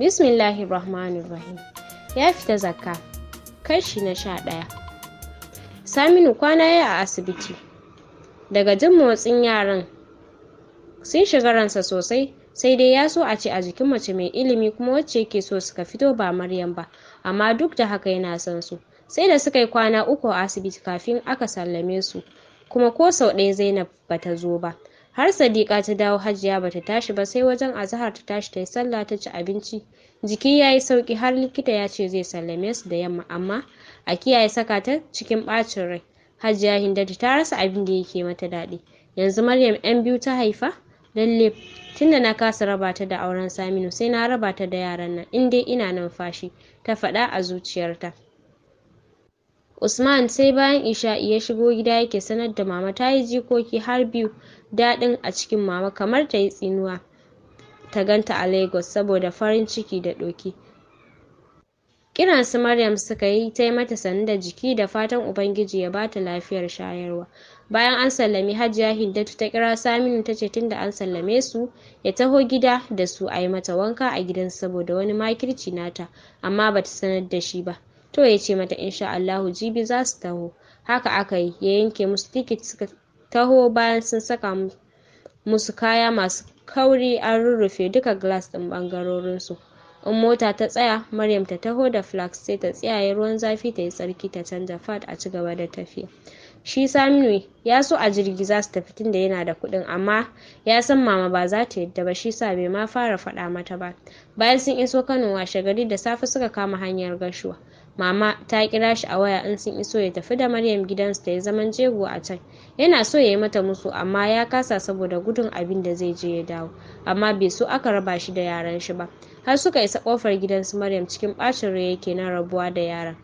bismillahir rahmanir rahim ya fita zakka kashi na sha ɗaya saminu kwana ya a asibiti daga jin motsin yaran sun shiga ransa sosai sai dai ya so a ce a jikin mace mai ilimi kuma wacce yake so suka fito ba maryam ba amma duk da haka yana son su sai da suka yi kwana uku a asibiti kafin aka sallame su kuma ko sau ɗaya zainab bata zo ba har sadiqa ta dawo hajiya bata tashi ba sai wajen azahar ta tashi ta yi sallah ta ci abinci jiki ya yi sauki har likita ya ce zai sallame su da yamma amma a kiyaye saka ta cikin ɓacin rai hajiya hindatu ta rasa abin da yake mata daɗi yanzu maryam yan biyu ta haifa lalle tunda na kasa raba ta da auren saminu sai na raba ta da yaran nan in dai ina numfashi ta faɗa a zuciyarta usman sai bayan isha'i ya shigo gida yake sanar da mama ta yi jikoki har biyu daɗin a cikin mama kamar ta yi tsinuwa ta ganta a Lagos saboda farin ciki da ɗoki. Kiran su Maryam suka yi ta yi mata sannu da jiki da fatan Ubangiji ya ba ta lafiyar shayarwa. Bayan an sallami Hajiya Hindatu ta kira Saminu ta ce tunda an sallame su ya taho gida da su a yi mata wanka a gidan saboda wani makirci nata amma bata sanar da shi ba. To ya ce mata insha Allahu jibi za su taho. Haka aka yi ya yanke musu tikit suka taho bayan sun saka musu kaya masu kauri an rurrufe duka glass ɗin ɓangarorinsu in mota ta tsaya maryam ta taho da flask sai ta tsiyaye ruwan zafi ta yi tsarki ta canza fat a cigaba da tafiya shi saminu ya so a jirgi za su tafi tunda yana da kuɗin amma ya san mama ba za ta yadda ba shi sa bai ma fara faɗa mata ba bayan sun iso kano washe gari da safe suka kama hanyar gashuwa Mama ta kira shi a waya in sun iso ya tafi da Maryam gidansu ta yi zaman jego a can. Yana so ya yi mata musu amma ya kasa saboda gudun abin da zai je ya dawo. Amma bai so aka raba shi da yaran shi ba. Har suka isa kofar gidansu Maryam cikin bacin rai yake na rabuwa da yaran.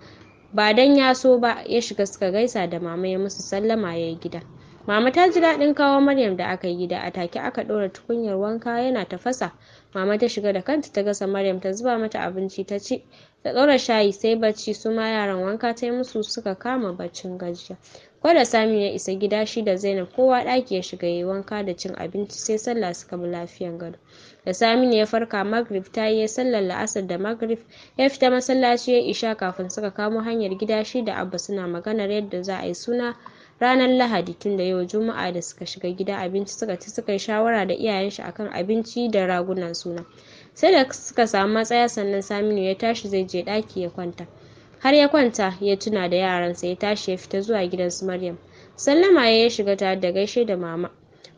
Ba dan ya so ba ya shiga suka gaisa da mama ya musu sallama ya yi gida. Mama ta ji daɗin kawo Maryam da aka yi gida, a take aka ɗora tukunyar wanka yana tafasa. Mama ta shiga da kanta ta gasa Maryam ta zuba mata abinci ta ci. Ta ɗora shayi sai bacci su ma yaran wanka ta yi musu suka kama baccin gajiya. Ko da Sami ya isa gida shi da Zainab kowa ɗaki ya shiga yayi wanka da cin abinci sai sallah suka bi lafiyan gado. Da Saminu ya farka Maghrib ta yi sallar la'asar da Maghrib ya fita masallaci ya isha kafin suka kamo hanyar gida shi da Abba suna maganar yadda za a yi suna ranar lahadi tun da yau juma'a da suka shiga gida abinci suka ci suka yi shawara da iyayen shi akan abinci da ragunan suna sai da suka samu matsaya sannan saminu ya tashi zai je ɗaki ya kwanta har ya kwanta ya tuna da yaransa ya tashi ya fita zuwa gidan su maryam sallama ya ya shiga tare da gaishe da mama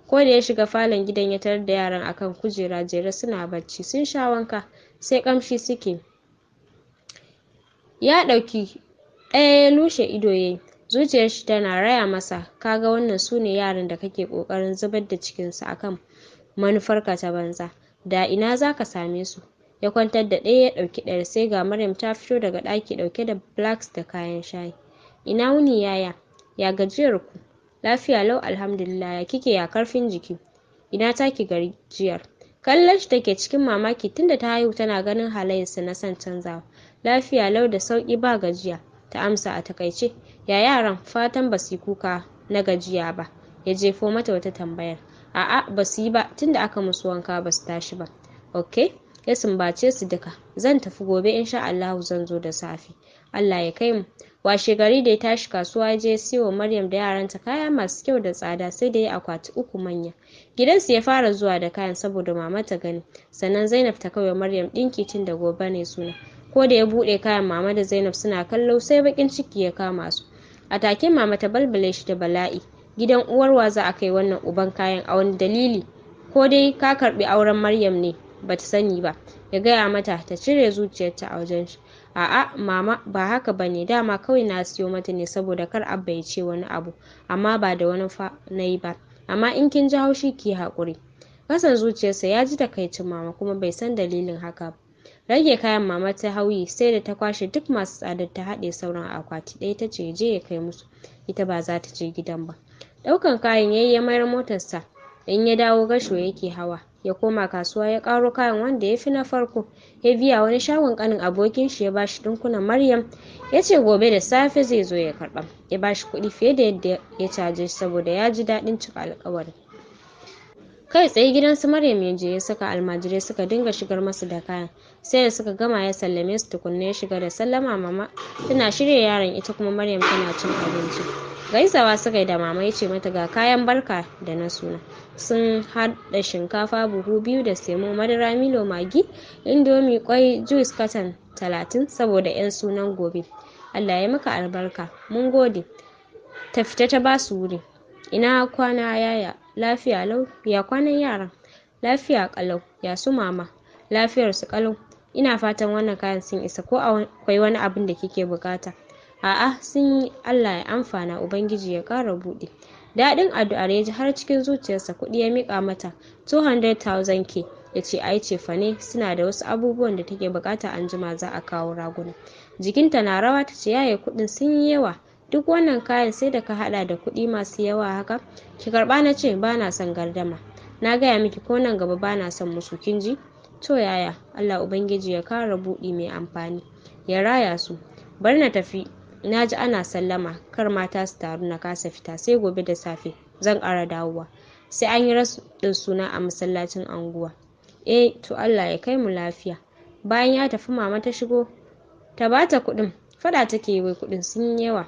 ko da ya shiga falon gidan ya tarar da yaran akan kujera jere suna bacci sun sha wanka sai ƙamshi suke ya ɗauki ɗaya ya lushe ido yayi Zuciyar shi tana raya masa, ka ga wannan sune yaran da kake kokarin zubar da cikinsu akan kan ka ta banza, da ina zaka same su. Ya kwantar da ɗaya ya ɗauki ɗayar sai ga Maryam ta fito daga ɗaki ɗauke da blacks da kayan shayi. Ina wuni yaya? Ya gajiyar ku? Lafiya lau alhamdulillah ya kike ya karfin jiki? Ina taki gajiyar? Kallon shi take cikin mamaki tunda ta haihu tana ganin halayensa na son canzawa. Lafiya lau da sauki ba gajiya, ta amsa a takaice. "Ya yaran? Fatan ba su yi kuka na gajiya ba?" ya jefo mata wata tambayar. "A'a, ba su yi ba, tunda aka musu wanka ba su tashi ba." ok ya sumbace su duka. "Zan tafi gobe in sha Allahu zan zo da safe. Allah ya kai mu." Washe, gari da ya tashi kasuwa ya je ya siyo wa Maryam da yaranta kaya masu kyau da tsada sai da ya akwati uku manya. Gidansu ya fara zuwa da kayan saboda mama ta gani, sannan Zainab ta kawai Maryam ɗinki tun da gobe ne suna. Ko da ya bude kayan mama da Zainab suna kallo sai bakin ciki ya kama su. a take mama ta balbale shi da bala'i gidan uwar wa za a kai wannan uban kayan a wani dalili ko dai ka karbi auren maryam ne bata sani ba ya gaya mata ta cire zuciyarta a wajen shi a'a mama ba haka ba ne, dama kawai na siyo mata ne saboda kar abba ya ce wani abu amma ba da wani fa nayi ba amma in kin ji haushi ki haƙuri kasan zuciyarsa ya ji takaicin mama kuma bai san dalilin haka ba Rage kayan mama ta hauyi sai da ta kwashe duk masu tsadar ta haɗe sauran akwati ɗaya ta ce je ya kai musu ita ba za ta je gidan ba. Ɗaukan kayan yayi ya mayar motarsa in ya dawo gasho yake hawa ya koma kasuwa ya ƙaro kayan wanda ya fi na farko ya biya wani shagon ƙanin abokin shi ya bashi ɗinkunan Maryam ya ce gobe da safe zai zo ya karɓa ya bashi kuɗi fiye da yadda ya caje shi saboda ya ji daɗin cika alƙawarin. kai tsaye gidan su Maryam ya je ya saka almajirai suka dinga shigar masa da kayan sai da suka gama ya sallame su tukunna ya shiga da sallama mama tana shirya yaron ita kuma Maryam tana cin abinci gaisawa suka yi da mama ya ce mata ga kayan barka da na suna sun haɗa shinkafa buhu biyu da semo madara milo magi indomi kwai juice katan talatin saboda 'yan sunan gobe allah ya maka albarka mun gode ta fita ta ba su wuri ina kwana yaya Lafiya lau, ya kwanan yaran? Lafiya kalau ya su mama? Lafiyar su kalau. Ina fatan wannan kayan sun isa ko akwai wani abin da kike bukata A'a, sun yi. Allah ya amfana, Ubangiji ya ƙara buɗe. Daɗin addu'ar ya ji har cikin zuciyarsa kuɗi ya mika mata 200,000 K" ya ce ai ne? suna da wasu abubuwan da take bukata anjima jima za a kawo raguna. Jikinta na rawa ta ce kuɗin sun yi yawa duk wannan kayan sai da ka haɗa da kuɗi masu yawa haka ki karɓa na ce ba na son gardama na gaya miki ko nan gaba ba na son musu kin ji to yaya allah ubangiji ya kara buɗi mai amfani ya raya su bar na tafi na ji ana sallama kar mata su taru na kasa fita sai gobe da safe zan ƙara dawowa sai an yi ɗin suna a masallacin anguwa eh to allah ya kai mu lafiya bayan ya tafi mama ta shigo ta bata kuɗin faɗa take yi wai kuɗin sun yi yawa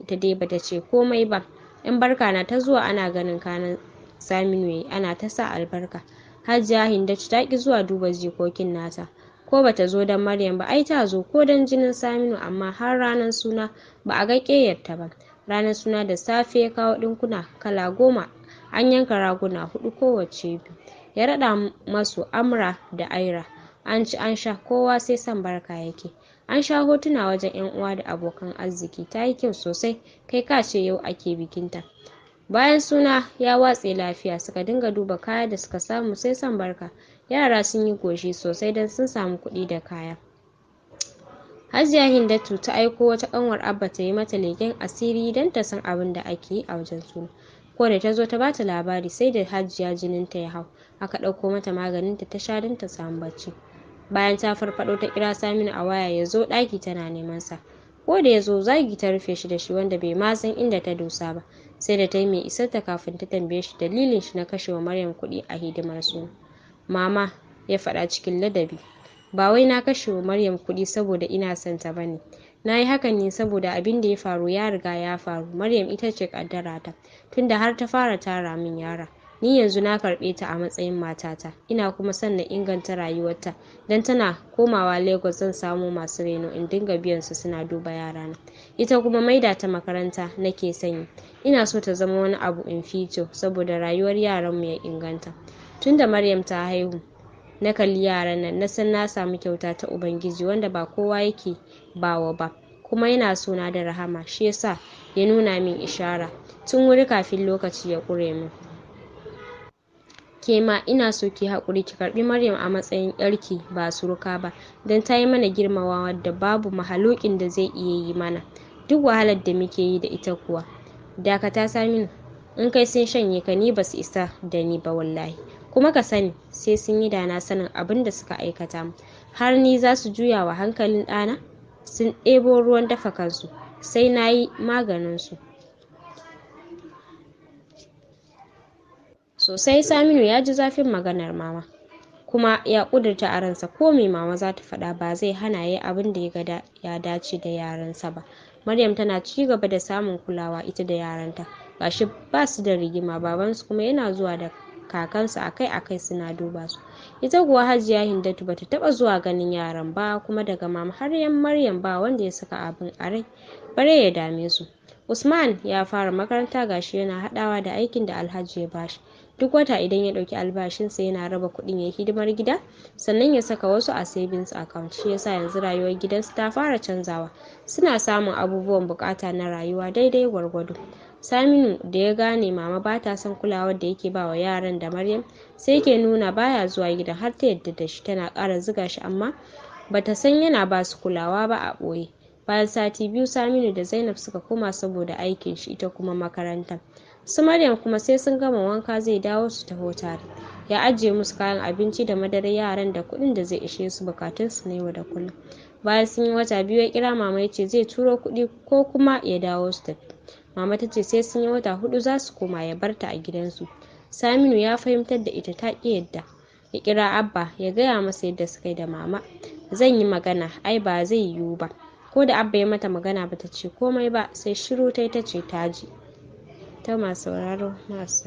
ita dai bata ce komai ba in barka na ta zuwa ana ganin kanan saminu yayi ana ta sa albarka hajiya hindaci ta ki zuwa duba jikokin nata ko bata zo don maryam ba ai ta zo ko don jinin saminu amma har ranar suna ba a ga ta ba ranar suna da safe ya kawo ɗinkuna kala goma an yanka raguna hudu kowace biyu ya raɗa masu amra da aira an ci an sha kowa sai san barka yake an sha hotuna wajen yan uwa da abokan arziki ta yi kyau sosai kai ka ce yau ake bikinta bayan suna ya watse lafiya suka dinga duba kaya da suka samu sai san barka yara sun yi goshi sosai don sun samu kuɗi da kaya hajiya hindatu ta aiko wata ƙanwar abba ta yi mata leƙen asiri don ta san abin da ake yi a wajen suna ko da ta zo ta bata labari sai da hajiya jinin ta ya hau aka ɗauko mata maganinta ta sha don ta samu bacci bayan ta farfaɗo ta kira saminu a waya ya zo ɗaki tana neman sa ko da ya zo zagi ta rufe shi da shi wanda bai ma san inda ta dosa ba sai da ta yi mai isar ta kafin ta tambaye shi dalilin shi na kashewa maryam kuɗi a hidimar su mama ya faɗa cikin ladabi ba wai na kashewa maryam kuɗi saboda ina son ta bane na yi hakan ne saboda abin da ya faru ya riga ya faru maryam ita ce ta, tunda har ta fara tara min yara Ni yanzu na karɓe ta a matsayin matata, ina kuma son na inganta rayuwarta, don tana komawa Lagos zan samo masu reno in dinga biyan su suna duba yarana. Ita kuma maida ta makaranta nake sanyi, Ina so ta zama wani abu in future saboda rayuwar yaran mu ya inganta. Tun da Maryam ta haihu, na kalli yaran nan na san na samu kyauta ta Ubangiji wanda ba kowa yake bawa ba, kuma yana suna da rahama shi yasa ya nuna min ishara tun wuri kafin lokaci ya ƙure min. ke ma ina so ki haƙuri ki karɓi Maryam a matsayin ‘yarki ba suruka ba, don ta yi mana girmamawa da babu mahaluƙin da zai iya yi mana, duk wahalar da muke yi da ita kuwa. Dakata samin in kai sun shanye ka ni ba su isa da ni ba wallahi, kuma ka sani sai sun yi dana sanin abin da suka aikata mu, har ni za su juya wa hankalin ɗana? Sun ɗebo ruwan dafa kansu, sai na yi maganinsu. sosai Saminu ya ji zafin maganar Mama. Kuma ya kudurta a ransa ko mai Mama za ta faɗa ba zai hana ya abin da ya ga ya dace da yaransa ba. Maryam tana ci gaba da samun kulawa ita da yaranta. Gashi ba su da rigima babansu kuma yana zuwa da kakansu akai-akai suna duba su. Ita kuwa Hajiya Hindatu bata taba zuwa ganin yaran ba kuma daga Mama har yan Maryam ba wanda ya saka abin a rai bare ya dame su. Usman ya fara makaranta gashi yana haɗawa da aikin da Alhaji ya bashi. duk wata idan ya ɗauki albashinsa yana raba kuɗin ya hidimar gida sannan ya saka wasu a savings account shi yasa yanzu rayuwar gidansu ta fara canzawa suna samun abubuwan buƙata na rayuwa daidai gwargwado Saminu da ya gane mama ba ta son kulawar da yake ba wa yaran da Maryam sai ke nuna baya zuwa gidan har ta yadda da shi tana ƙara ziga shi amma bata san yana basu kulawa ba a ɓoye bayan sati biyu Saminu da Zainab suka koma saboda aikin shi ita kuma makaranta su Maryam kuma sai sun gama wanka zai dawo su taho tare ya ajiye musu kayan abinci da madarar yaran da kuɗin da zai ishe su bukatunsu na yau da kullum bayan sun yi wata biyu ya kira mama ya ce zai turo kuɗi ko kuma ya dawo su tafi mama ta ce sai sun yi wata hudu za su koma ya barta a gidansu saminu ya fahimtar da ita ta ƙi yadda ya kira abba ya gaya masa yadda suka yi da mama zan yi magana ai ba zai yiwu ba ko da abba ya mata magana ba ta ce komai ba sai shiru ta ta ce ta ji ta masu sauraro. Ma'assalam.